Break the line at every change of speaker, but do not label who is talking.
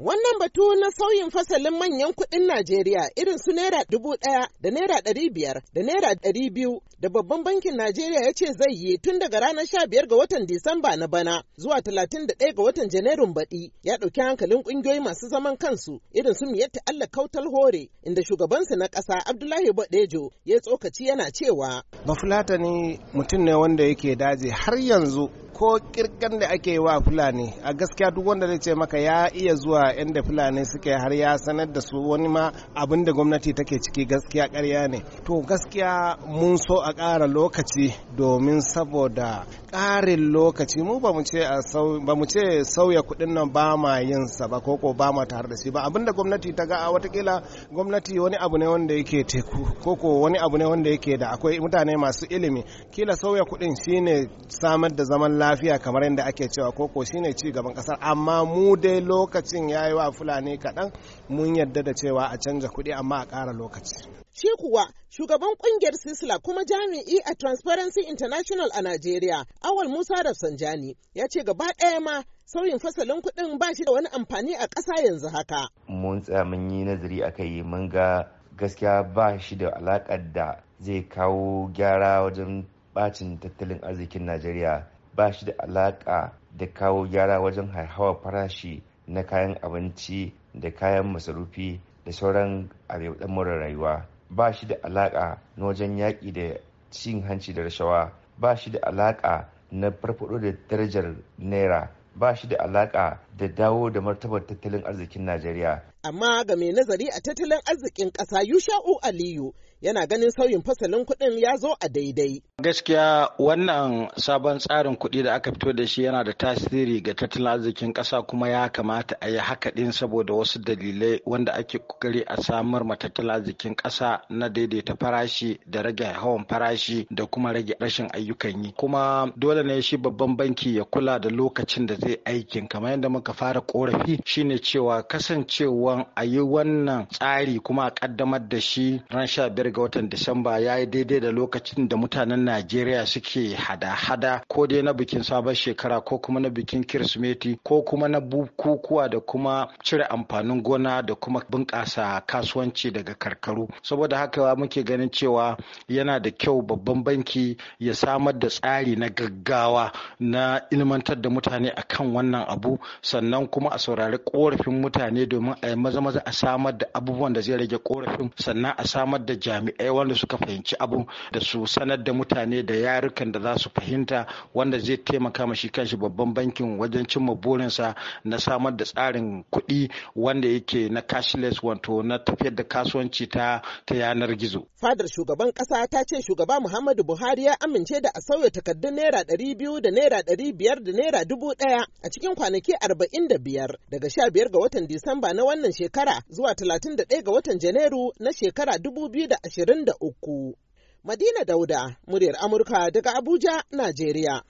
Wannan batu na sauyin fasalin manyan kuɗin Najeriya irin su Naira dubu ɗaya da Naira ɗari biyar da Naira ɗari biyu da Babban Bankin Najeriya ya ce zai yi tun daga ranar sha biyar ga watan Disamba na bana zuwa talatin da ɗaya ga watan Janairun baɗi ya ɗauki hankalin ƙungiyoyi masu zaman kansu irin su Miyatta Allah Kautal Hore inda shugabansu na ƙasa Abdullahi Badejo ya tsokaci yana cewa.
Bafulata mutum ne wanda yake daji har yanzu ko kirgan da ake wa fulani a gaskiya duk wanda zai ce maka ya iya zuwa inda fulani suke har ya sanar da su wani ma abin da gwamnati take ciki gaskiya karya ne to gaskiya mun so a ƙara lokaci domin saboda ƙarin lokaci mu ba mu ce sauya kuɗin nan ba ma yin sa ba koko ba ma tare da shi ba abinda gwamnati ta ga watakila gwamnati wani abu ne wanda yake teku koko wani abu ne wanda yake da akwai mutane masu ilimi kila sauya kuɗin shine samar da zaman lafiya kamar yadda ake cewa koko shine ci gaban kasar amma mu dai lokacin yayi
wa fulani kaɗan mun
yadda da cewa a canja kuɗi amma a ƙara lokaci.
Shi kuwa shugaban kungiyar Sisla kuma jami'i a Transparency International a Najeriya, Awal Musa Rafsanjani, ya ce gaba ɗaya ma sauyin fasalin kuɗin ba shi da wani amfani a ƙasa yanzu haka.
Mun tsaya mun yi nazari aka yi mun ga gaskiya ba shi da alaƙar da zai kawo gyara wajen bacin tattalin arzikin Najeriya ba shi da alaƙa da kawo gyara wajen haihawa farashi na kayan abinci da kayan masarufi da sauran abubuwan rayuwa. ba shi da alaƙa na wajen yaƙi da cin hanci da rashawa ba shi da alaƙa na farfaɗo da darajar naira ba shi da alaƙa da dawo da martabar tattalin arzikin Najeriya.
Amma ga mai nazari a tattalin arzikin ƙasa Yusha'u Aliyu yana ganin sauyin fasalin kuɗin ya zo a daidai.
Gaskiya wannan sabon tsarin kuɗi da aka fito da shi yana da tasiri ga tattalin arzikin ƙasa kuma ya kamata a yi haka ɗin saboda wasu dalilai wanda ake kokari a samar ma tattalin arzikin ƙasa na daidaita farashi da rage hawan farashi da kuma rage rashin ayyukan yi. Kuma dole ne shi babban banki ya kula da lokacin da zai aikin kamar yadda muka fara korafi shine cewa kasancewan a yi wannan tsari kuma a ƙaddamar da shi ran sha biyar ga watan Disamba ya yi daidai da lokacin da mutanen Najeriya suke hada-hada ko dai na bikin sabon shekara ko kuma na bikin Kirsimeti ko kuma na bukukuwa da kuma cire amfanin gona da kuma bunƙasa kasuwanci daga karkaru. Saboda haka muke ganin cewa yana da kyau babban banki ya samar da tsari na gaggawa na ilmantar da mutane akan wannan abu sannan kuma a saurari korafin mutane domin a maza-maza a samar da abubuwan da zai rage korafin sannan a samar da jami'ai wanda suka fahimci abu da su sanar da mutane da yarukan da za su fahimta wanda zai taimaka ma shi kanshi babban bankin wajen cimma burinsa na samar da tsarin kuɗi wanda yake na cashless wato na tafiyar da kasuwanci ta ta yanar gizo.
Fadar shugaban ƙasa ta ce shugaba Muhammadu Buhari ya amince da a sauya takardun naira ɗari biyu da naira ɗari biyar da naira dubu ɗaya a cikin kwanaki arba'in da biyar daga sha biyar ga watan Disamba na wannan shekara zuwa talatin da ɗaya ga watan Janairu na shekara dubu biyu da 23. da uku. Madina Dauda, muryar Amurka daga Abuja, Najeriya.